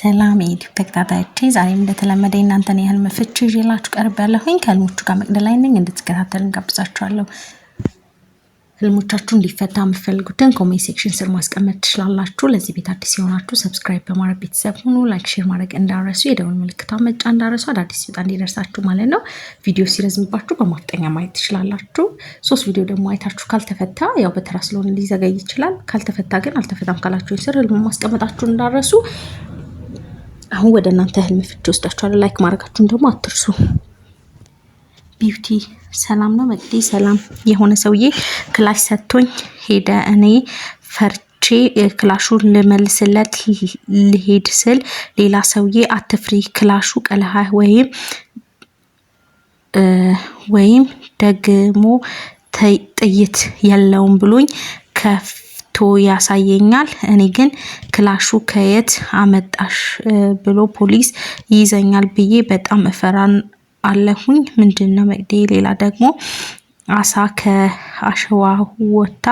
ሰላም የዩቲዩብ ተከታታዮቼ ዛሬም እንደተለመደ የእናንተን የህልም ፍቺ ይዤላችሁ ቀርቤያለሁኝ። ከህልሞቹ ጋር መቅደላይ ነኝ። እንድትከታተል እንጋብዛችኋለሁ። ህልሞቻችሁ እንዲፈታ የምትፈልጉትን ኮሜንት ሴክሽን ስር ማስቀመጥ ትችላላችሁ። ለዚህ ቤት አዲስ የሆናችሁ ሰብስክራይብ በማድረግ ቤተሰብ ሁኑ። ላይክ፣ ሼር ማድረግ እንዳረሱ፣ የደውል ምልክቷን መጫ እንዳረሱ፣ አዳዲስ ሲወጣ እንዲደርሳችሁ ማለት ነው። ቪዲዮ ሲረዝምባችሁ በማፍጠኛ ማየት ትችላላችሁ። ሶስት ቪዲዮ ደግሞ አይታችሁ ካልተፈታ ያው በተራ ስለሆነ ሊዘገይ ይችላል። ካልተፈታ ግን አልተፈታም ካላችሁ ስር ህልሙ ማስቀመጣችሁ እንዳረሱ አሁን ወደ እናንተ ህልም ፍቺ ወስዳችኋለሁ። ላይክ ማድረጋችሁን ደግሞ አትርሱ። ቢዩቲ ሰላም ነው። እንግዲህ ሰላም የሆነ ሰውዬ ክላሽ ሰጥቶኝ ሄደ። እኔ ፈርቼ ክላሹ ልመልስለት ልሄድ ስል ሌላ ሰውዬ አትፍሪ፣ ክላሹ ቀለሃ ወይም ወይም ደግሞ ጥይት የለውም ብሎኝ ከፍ ያሳየኛል። እኔ ግን ክላሹ ከየት አመጣሽ ብሎ ፖሊስ ይይዘኛል ብዬ በጣም እፈራን አለሁኝ። ምንድን ነው መቅዴ? ሌላ ደግሞ አሳ ከአሸዋ ወታ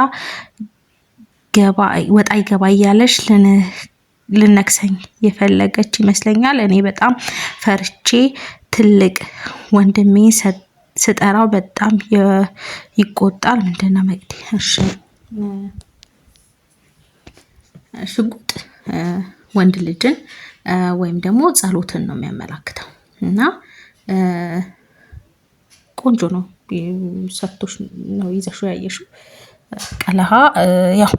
ወጣ ይገባ እያለች ልነክሰኝ የፈለገች ይመስለኛል። እኔ በጣም ፈርቼ ትልቅ ወንድሜ ስጠራው በጣም ይቆጣል። ምንድነው መቅዴ? እሺ ሽጉጥ ወንድ ልጅን ወይም ደግሞ ጸሎትን ነው የሚያመላክተው እና ቆንጆ ነው። ሰቶች ነው ይዘሹ ያየሹ ቀለሃ ያው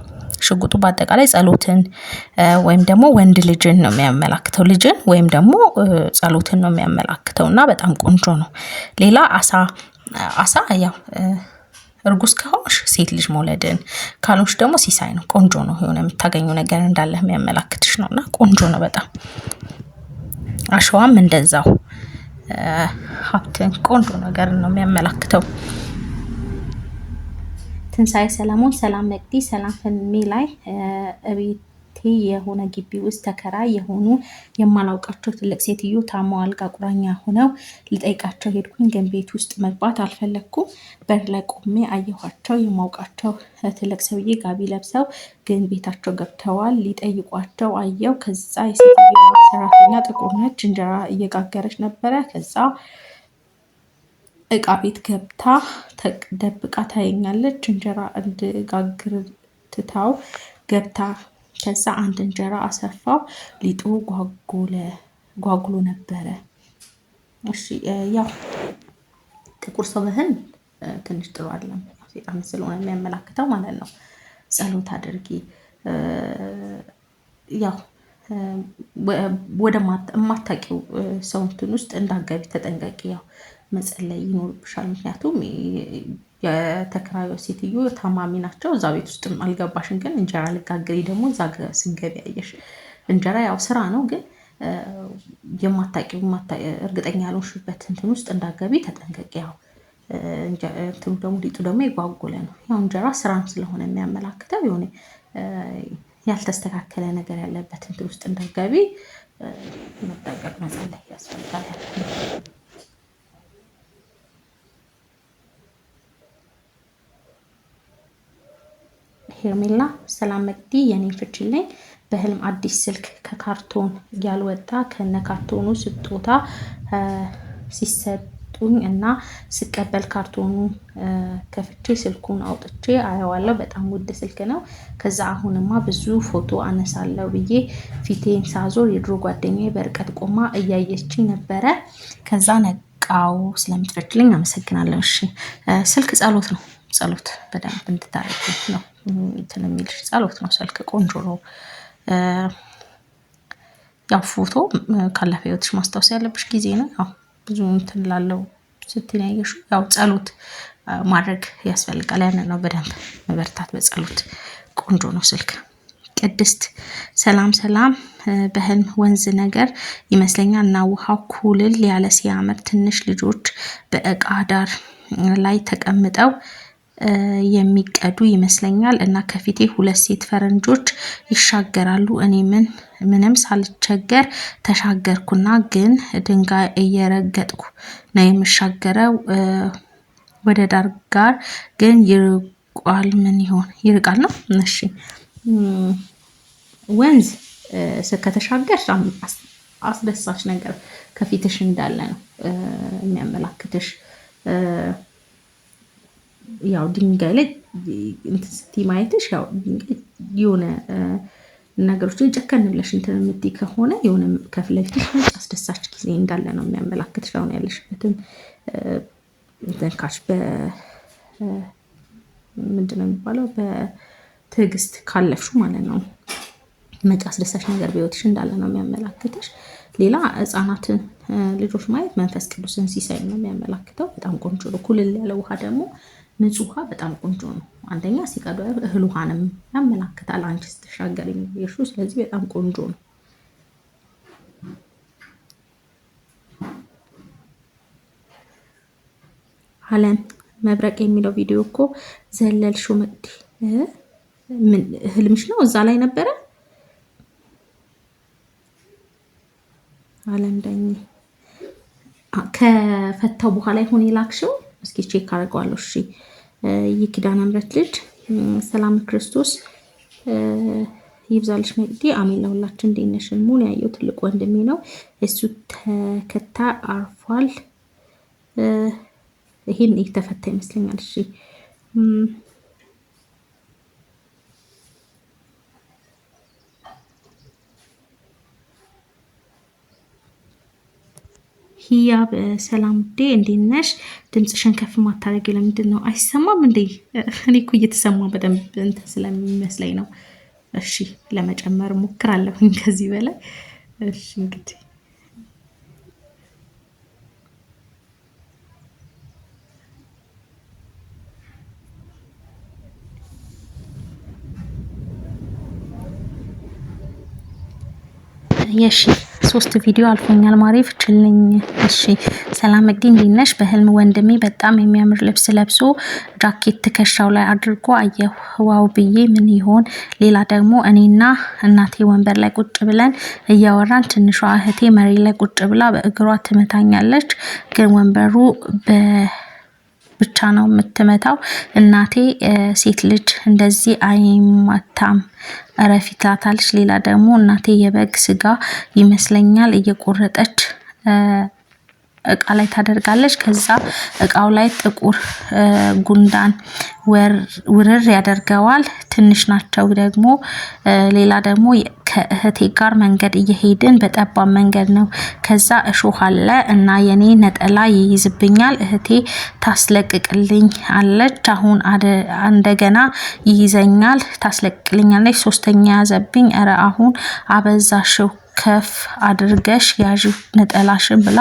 ሽጉጡ በአጠቃላይ ጸሎትን ወይም ደግሞ ወንድ ልጅን ነው የሚያመላክተው ልጅን ወይም ደግሞ ጸሎትን ነው የሚያመላክተው እና በጣም ቆንጆ ነው። ሌላ አሳ አሳ ያው እርጉዝ ከሆንሽ ሴት ልጅ መውለድን ካልሆንሽ ደግሞ ሲሳይ ነው። ቆንጆ ነው፣ የሆነ የምታገኙ ነገር እንዳለ የሚያመላክትሽ ነው እና ቆንጆ ነው በጣም አሸዋም እንደዛው ሀብትን ቆንጆ ነገር ነው የሚያመላክተው። ትንሳኤ ሰለሞን ሰላም መቅዲ ሰላም ፍሜ ላይ የሆነ ግቢ ውስጥ ተከራይ የሆኑ የማላውቃቸው ትልቅ ሴትዮ ታመው አልጋ ቁራኛ ሆነው ልጠይቃቸው ሄድኩኝ። ግን ቤት ውስጥ መግባት አልፈለግኩም። በር ላይ ቆሜ አየኋቸው። የማውቃቸው ትልቅ ሰውዬ ጋቢ ለብሰው ግን ቤታቸው ገብተዋል። ሊጠይቋቸው አየው። ከዛ የሴትየዋ ሰራተኛ ጥቁር ነች፣ እንጀራ እየጋገረች ነበረ። ከዛ እቃ ቤት ገብታ ደብቃ ታየኛለች። እንጀራ እንድጋግር ትታው ገብታ ከዛ አንድ እንጀራ አሰፋው። ሊጡ ጓጉሎ ነበረ። እሺ ያው ጥቁር ሰው ትንሽ ጥሩ አይደለም፣ ሴጣን ስለሆነ የሚያመላክተው ማለት ነው። ጸሎት አድርጊ ያው ወደ የማታውቂው ሰው እንትን ውስጥ እንዳገቢ ተጠንቀቂ። ያው መጸለይ ይኖርብሻል፣ ምክንያቱም የተከራዩ ሴትዮ ታማሚ ናቸው። እዛ ቤት ውስጥም አልገባሽም፣ ግን እንጀራ ልጋግሪ ደግሞ እዛ ስገቢ ያየሽ እንጀራ ያው ስራ ነው፣ ግን የማታቂ እርግጠኛ ያልሆንሽበት እንትን ውስጥ እንዳገቢ ተጠንቀቂ። ያው እንትኑ ደግሞ ሊጡ ደግሞ የጓጎለ ነው። ያው እንጀራ ስራም ስለሆነ የሚያመላክተው የሆነ ያልተስተካከለ ነገር ያለበት እንትን ውስጥ እንዳገቢ መጠንቀቅ መጸለይ ያስፈልጋል። ሄርሜላ ሰላም መቅዲ የኔ ፍችልኝ በህልም አዲስ ስልክ ከካርቶን ያልወጣ ከነ ካርቶኑ ስጦታ ሲሰጡኝ እና ስቀበል ካርቶኑ ከፍቼ ስልኩን አውጥቼ አየዋለሁ። በጣም ውድ ስልክ ነው። ከዛ አሁንማ ብዙ ፎቶ አነሳለሁ ብዬ ፊቴን ሳዞር የድሮ ጓደኛ በርቀት ቆማ እያየችኝ ነበረ። ከዛ ነቃው። ስለምትፈችልኝ አመሰግናለሁ። እሺ ስልክ ጸሎት ነው ጸሎት በደንብ እንድታደርጉ ነው እንትን የሚልሽ ጸሎት ነው። ስልክ ቆንጆ ነው። ያው ፎቶ ካለፈ ህይወትሽ ማስታወስ ያለብሽ ጊዜ ነው። ያው ብዙ እንትን ላለው ስትል ያው ጸሎት ማድረግ ያስፈልጋል። ያንን ነው በደንብ መበርታት በጸሎት ቆንጆ ነው ስልክ። ቅድስት ሰላም ሰላም። በህልም ወንዝ ነገር ይመስለኛል እና ውሃው ኩልል ያለ ሲያምር ትንሽ ልጆች በእቃ ዳር ላይ ተቀምጠው የሚቀዱ ይመስለኛል እና ከፊቴ ሁለት ሴት ፈረንጆች ይሻገራሉ። እኔ ምን ምንም ሳልቸገር ተሻገርኩና ግን ድንጋይ እየረገጥኩ ነው የምሻገረው። ወደ ዳር ጋር ግን ይርቋል። ምን ይሆን ይርቃል ነው? እሺ ወንዝ ከተሻገር አስደሳች ነገር ከፊትሽ እንዳለ ነው የሚያመላክትሽ። ያው ድንጋይ ላይ እንትን ስትይ ማየትሽ ያው ድንጋይ የሆነ ነገሮች ጨከን ብለሽ እንትን የምትይ ከሆነ የሆነ ከፊት ለፊትሽ አስደሳች ጊዜ እንዳለ ነው የሚያመላክትሽ። አሁን ያለሽበትም ዘንካች ምንድን ነው የሚባለው በትዕግስት ካለፍሹ ማለት ነው መጪ አስደሳች ነገር በሕይወትሽ እንዳለ ነው የሚያመላክትሽ። ሌላ ሕፃናትን ልጆች ማየት መንፈስ ቅዱስን ሲሳይ ነው የሚያመላክተው። በጣም ቆንጆ ነው። ኩልል ያለ ውሃ ደግሞ ንጹህ ውሃ በጣም ቆንጆ ነው። አንደኛ ሲቀዱ እህል ውሃንም ያመላክታል። አንቺ ስትሻገር የሚሽ ስለዚህ በጣም ቆንጆ ነው። አለን መብረቅ የሚለው ቪዲዮ እኮ ዘለልሽው መቅዲ ህልምሽ ነው እዛ ላይ ነበረ። አለን ደኝ ከፈታው በኋላ ይሁን የላክሽው እስኪ ቼክ አድርገዋለሁ። እሺ ይህ ኪዳነ ምሕረት ልጅ ሰላም ክርስቶስ ይብዛልሽ መቅዲ አሜን። ለሁላችን እንዴት ነሽ? ሙን ያየው ትልቅ ወንድሜ ነው። እሱ ተከታ አርፏል። ይህን ተፈታ ይመስለኛል። እሺ ሂያ በሰላም ውዴ፣ እንዴት ነሽ? ድምፅሽን ከፍ ማታደርጊ ለምንድን ነው? አይሰማም እንዴ? እኔ እኮ እየተሰማ በደንብ እንትን ስለሚመስለኝ ነው። እሺ፣ ለመጨመር ሞክራለሁኝ ከዚህ በላይ እሺ። እንግዲህ የሺ ሶስት ቪዲዮ አልፎኛል ማሪፍ ችልኝ። እሺ ሰላምዲን እንዴት ነሽ? በህልም ወንድሜ በጣም የሚያምር ልብስ ለብሶ ጃኬት ትከሻው ላይ አድርጎ አየሁ። ዋው ብዬ ምን ይሆን? ሌላ ደግሞ እኔና እናቴ ወንበር ላይ ቁጭ ብለን እያወራን ትንሿ እህቴ መሬት ላይ ቁጭ ብላ በእግሯ ትመታኛለች፣ ግን ወንበሩ ብቻ ነው የምትመታው። እናቴ ሴት ልጅ እንደዚህ አይማታም እረፊት ላታለች። ሌላ ደግሞ እናቴ የበግ ስጋ ይመስለኛል እየቆረጠች እቃ ላይ ታደርጋለች። ከዛ እቃው ላይ ጥቁር ጉንዳን ውርር ያደርገዋል። ትንሽ ናቸው ደግሞ ሌላ ደግሞ ከእህቴ ጋር መንገድ እየሄድን በጠባብ መንገድ ነው። ከዛ እሾህ አለ እና የኔ ነጠላ ይይዝብኛል። እህቴ ታስለቅቅልኝ አለች። አሁን እንደገና ይይዘኛል፣ ታስለቅቅልኛለች። ሶስተኛ ያዘብኝ። እረ አሁን አበዛሽው ከፍ አድርገሽ ያዥ ነጠላሽን ብላ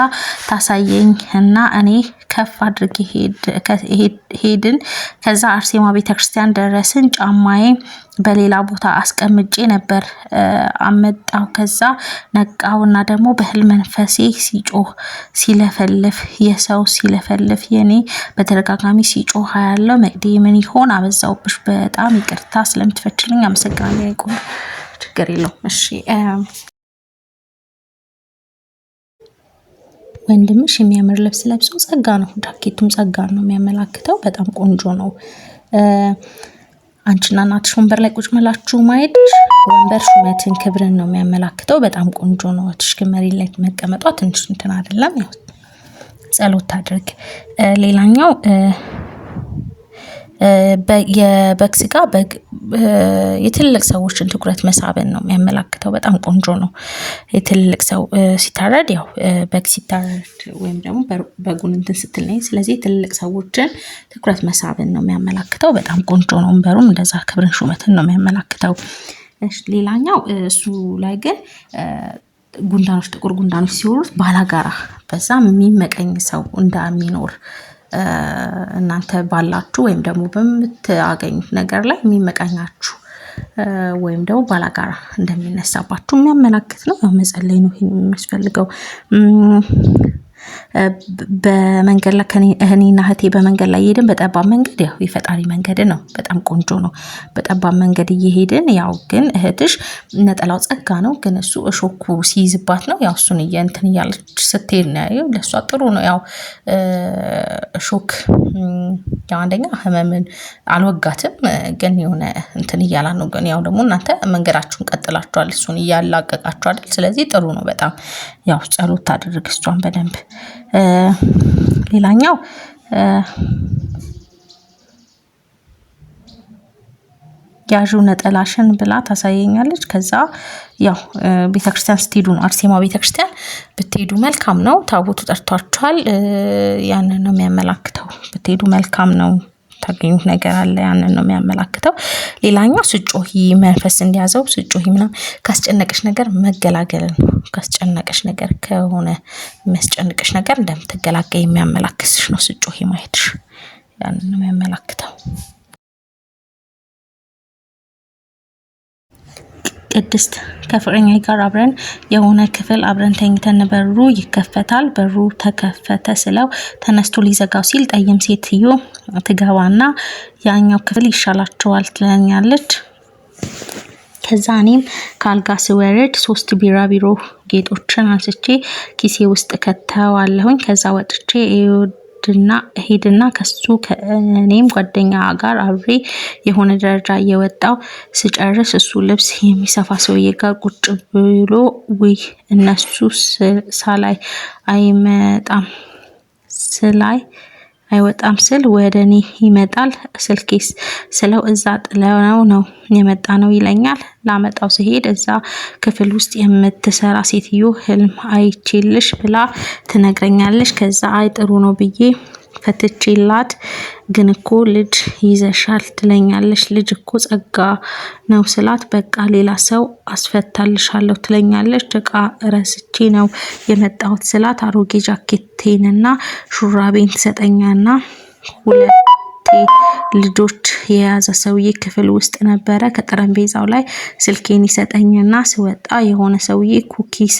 ታሳየኝ እና እኔ ከፍ አድርግ ሄድን። ከዛ አርሴማ ቤተክርስቲያን ደረስን። ጫማዬ በሌላ ቦታ አስቀምጬ ነበር አመጣው። ከዛ ነቃውና ደግሞ በህል መንፈሴ ሲጮህ ሲለፈልፍ፣ የሰው ሲለፈልፍ፣ የኔ በተደጋጋሚ ሲጮህ ያለው መቅዴ ምን ይሆን አበዛውብሽ፣ በጣም ይቅርታ ስለምትፈችልኝ አመሰግናለሁ። ችግር የለውም እሺ ወንድምሽ የሚያምር ልብስ ለብሶ ጸጋ ነው፣ ጃኬቱም ጸጋ ነው የሚያመላክተው። በጣም ቆንጆ ነው። አንቺና እናትሽ ወንበር ላይ ቁጭ ብላችሁ ማየትሽ ወንበር ሹመትን ክብርን ነው የሚያመላክተው። በጣም ቆንጆ ነው። እህትሽ ግን መሬት ላይ መቀመጧ ትንሽ እንትን አይደለም። ጸሎት አድርግ። ሌላኛው የበግ ስጋ የትልቅ ሰዎችን ትኩረት መሳብን ነው የሚያመላክተው። በጣም ቆንጆ ነው። የትልቅ ሰው ሲታረድ ያው በግ ሲታረድ ወይም ደግሞ በጉን እንትን ስትል ነኝ። ስለዚህ የትልቅ ሰዎችን ትኩረት መሳብን ነው የሚያመላክተው። በጣም ቆንጆ ነው። ወንበሩም እንደዛ ክብርን ሹመትን ነው የሚያመላክተው። ሌላኛው እሱ ላይ ግን ጉንዳኖች ጥቁር ጉንዳኖች ሲወሩት ባላጋራ በዛ የሚመቀኝ ሰው እንደሚኖር። እናንተ ባላችሁ ወይም ደግሞ በምታገኙት ነገር ላይ የሚመቃኛችሁ ወይም ደግሞ ባላጋራ እንደሚነሳባችሁ የሚያመላክት ነው። ያው መጸለይ ነው ይሄን የሚያስፈልገው። በመንገድ ላይ እኔና እህቴ በመንገድ ላይ እየሄድን በጠባብ መንገድ ያው የፈጣሪ መንገድ ነው፣ በጣም ቆንጆ ነው። በጠባብ መንገድ እየሄድን ያው ግን እህትሽ ነጠላው ጸጋ ነው፣ ግን እሱ እሾኩ ሲይዝባት ነው ያው እሱን እንትን እያለች ስትሄድ ነው። ለእሷ ጥሩ ነው ያው እሾክ ያው አንደኛ ህመምን አልወጋትም፣ ግን የሆነ እንትን እያላ ነው። ግን ያው ደግሞ እናንተ መንገዳችሁን ቀጥላችኋል፣ እሱን እያላቀቃችኋል። ስለዚህ ጥሩ ነው በጣም ያው ጸሎት ታደርግ እሷን በደንብ። ሌላኛው ያዥው ነጠላሽን ብላ ታሳየኛለች። ከዛ ያው ቤተክርስቲያን ስትሄዱ ነው፣ አርሴማ ቤተክርስቲያን ብትሄዱ መልካም ነው። ታቦቱ ጠርቷችኋል። ያንን ነው የሚያመላክተው። ብትሄዱ መልካም ነው። የምታገኙት ነገር አለ። ያንን ነው የሚያመላክተው። ሌላኛው ስጮሂ መንፈስ እንዲያዘው ስጮሂ ምናምን ካስጨነቀሽ ነገር መገላገል ካስጨነቀሽ ነገር ከሆነ የሚያስጨንቅሽ ነገር እንደምትገላገይ የሚያመላክትሽ ነው። ስጮሂ ማየትሽ ያንን ነው የሚያመላክተው። ቅድስት ከፍቅረኛ ጋር አብረን የሆነ ክፍል አብረን ተኝተን በሩ ይከፈታል። በሩ ተከፈተ ስለው ተነስቶ ሊዘጋው ሲል ጠይም ሴትዮ ትገባና ያኛው ክፍል ይሻላቸዋል ትለኛለች። ከዛ እኔም ከአልጋ ስወርድ ሶስት ቢራቢሮ ጌጦችን አንስቼ ኪሴ ውስጥ ከተዋለሁኝ። ከዛ ወጥቼ ሄድና ሄድና ከሱ ከእኔም ጓደኛ ጋር አብሬ የሆነ ደረጃ እየወጣው ስጨርስ እሱ ልብስ የሚሰፋ ሰውዬ ጋር ቁጭ ብሎ ውይ እነሱ ሳላይ አይመጣም ስላይ አይወጣም ስል ወደ እኔ ይመጣል። ስልኬስ ስለው እዛ ጥለነው ነው የመጣ ነው ይለኛል። ላመጣው ስሄድ እዛ ክፍል ውስጥ የምትሰራ ሴትዮ ህልም አይቼልሽ ብላ ትነግረኛለች። ከዛ አይ ጥሩ ነው ብዬ ፈትቼላት ግን እኮ ልጅ ይዘሻል ትለኛለች። ልጅ እኮ ጸጋ ነው ስላት በቃ ሌላ ሰው አስፈታልሻለሁ ትለኛለች። እቃ ረስቼ ነው የመጣሁት ስላት አሮጌ ጃኬቴንና ሹራቤን ትሰጠኛና ሁለት ልጆች የያዘ ሰውዬ ክፍል ውስጥ ነበረ። ከጠረጴዛው ላይ ስልኬን ይሰጠኝና ስወጣ የሆነ ሰውዬ ኩኪስ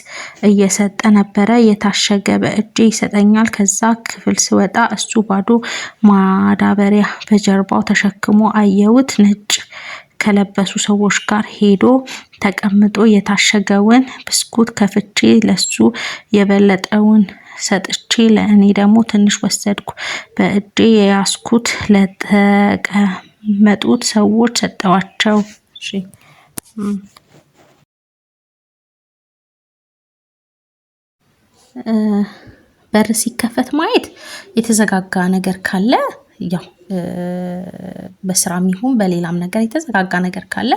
እየሰጠ ነበረ። የታሸገ በእጄ ይሰጠኛል። ከዛ ክፍል ስወጣ እሱ ባዶ ማዳበሪያ በጀርባው ተሸክሞ አየሁት። ነጭ ከለበሱ ሰዎች ጋር ሄዶ ተቀምጦ የታሸገውን ብስኩት ከፍቼ ለሱ የበለጠውን ሰጥቼ ለእኔ ደግሞ ትንሽ ወሰድኩ። በእጄ የያዝኩት ለተቀመጡት ሰዎች ሰጠዋቸው። በር ሲከፈት ማየት የተዘጋጋ ነገር ካለ ያው በስራም ይሁን በሌላም ነገር የተዘጋጋ ነገር ካለ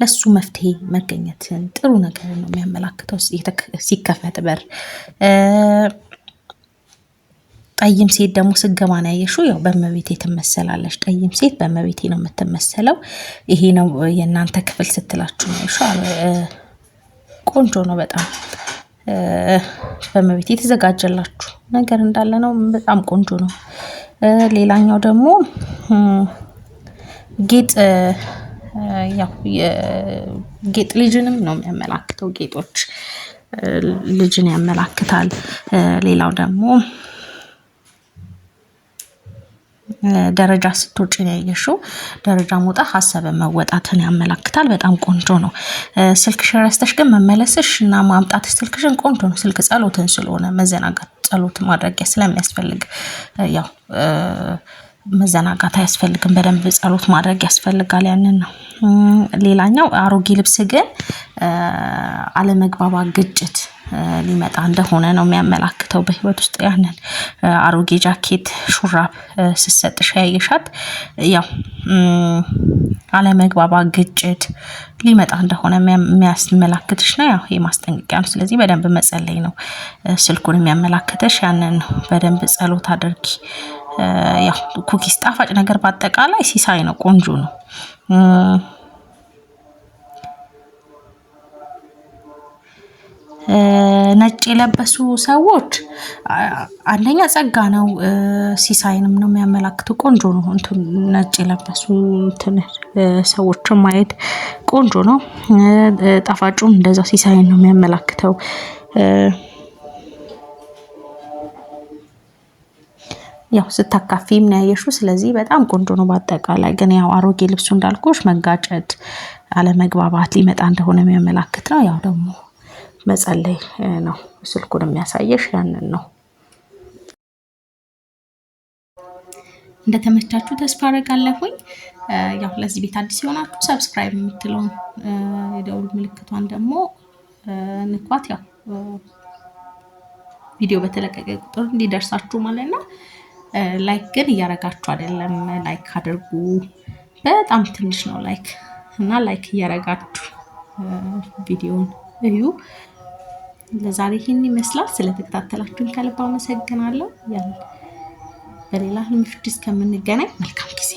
ለሱ መፍትሄ መገኘትን ጥሩ ነገር ነው የሚያመላክተው ሲከፈት በር። ጠይም ሴት ደግሞ ስገባን ያየሽው ያው በመቤት ትመሰላለች። ጠይም ሴት በመቤቴ ነው የምትመሰለው። ይሄ ነው የእናንተ ክፍል ስትላችሁ ነው። ቆንጆ ነው በጣም በመቤቴ የተዘጋጀላችሁ ነገር እንዳለ ነው። በጣም ቆንጆ ነው። ሌላኛው ደግሞ ጌጥ ጌጥ ልጅንም ነው የሚያመላክተው። ጌጦች ልጅን ያመላክታል። ሌላው ደግሞ ደረጃ ስትወጪ ነው ያየሽው። ደረጃ መውጣት ሀሰብ መወጣትን ያመላክታል። በጣም ቆንጆ ነው። ስልክሽ ረስተሽ ግን መመለስሽ እና ማምጣት ስልክሽን ቆንጆ ነው። ስልክ ጸሎትን ስለሆነ መዘናጋት ጸሎት ማድረጊያ ስለሚያስፈልግ ያው መዘናጋት አያስፈልግም። በደንብ ጸሎት ማድረግ ያስፈልጋል። ያንን ነው። ሌላኛው አሮጌ ልብስ ግን አለመግባባት፣ ግጭት ሊመጣ እንደሆነ ነው የሚያመላክተው። በህይወት ውስጥ ያንን አሮጌ ጃኬት፣ ሹራብ ስትሰጥሽ ያየሻት ያው አለመግባባ ግጭት ሊመጣ እንደሆነ የሚያስመላክትሽ ነው። ያው የማስጠንቀቂያ ነው። ስለዚህ በደንብ መጸለይ ነው ስልኩን የሚያመላክተሽ። ያንን ነው። በደንብ ጸሎት አድርጊ። ያው ኩኪስ ጣፋጭ ነገር በአጠቃላይ ሲሳይ ነው፣ ቆንጆ ነው። ነጭ የለበሱ ሰዎች አንደኛ ጸጋ ነው፣ ሲሳይንም ነው የሚያመላክተው። ቆንጆ ነው። እንትን ነጭ የለበሱ ሰዎችን ማየት ቆንጆ ነው። ጣፋጩም እንደዛ ሲሳይን ነው የሚያመላክተው። ያው ስታካፊ ነው ስለዚህ በጣም ቆንጆ ነው። በአጠቃላይ ግን ያው አሮጌ ልብሱ እንዳልኩሽ መጋጨት፣ አለመግባባት ሊመጣ እንደሆነ የሚያመላክት ነው። ያው ደግሞ መጸለይ ነው። ስልኩን የሚያሳየሽ ያንን ነው። እንደተመቻችሁ ተስፋ አደርጋለሁኝ። ያው ለዚህ ቤት አዲስ የሆናችሁ ሰብስክራይብ የምትለውን የደውል ምልክቷን ደግሞ ንኳት። ያው ቪዲዮ በተለቀቀ ቁጥር እንዲደርሳችሁ ማለት ነው። ላይክ ግን እያረጋችሁ አይደለም። ላይክ አድርጉ። በጣም ትንሽ ነው ላይክ እና ላይክ እያረጋችሁ ቪዲዮን እዩ። ለዛሬ ይህን ይመስላል። ስለተከታተላችሁን ከልብ አመሰግናለሁ። በሌላ ህልም ፍቺ እስከምንገናኝ መልካም ጊዜ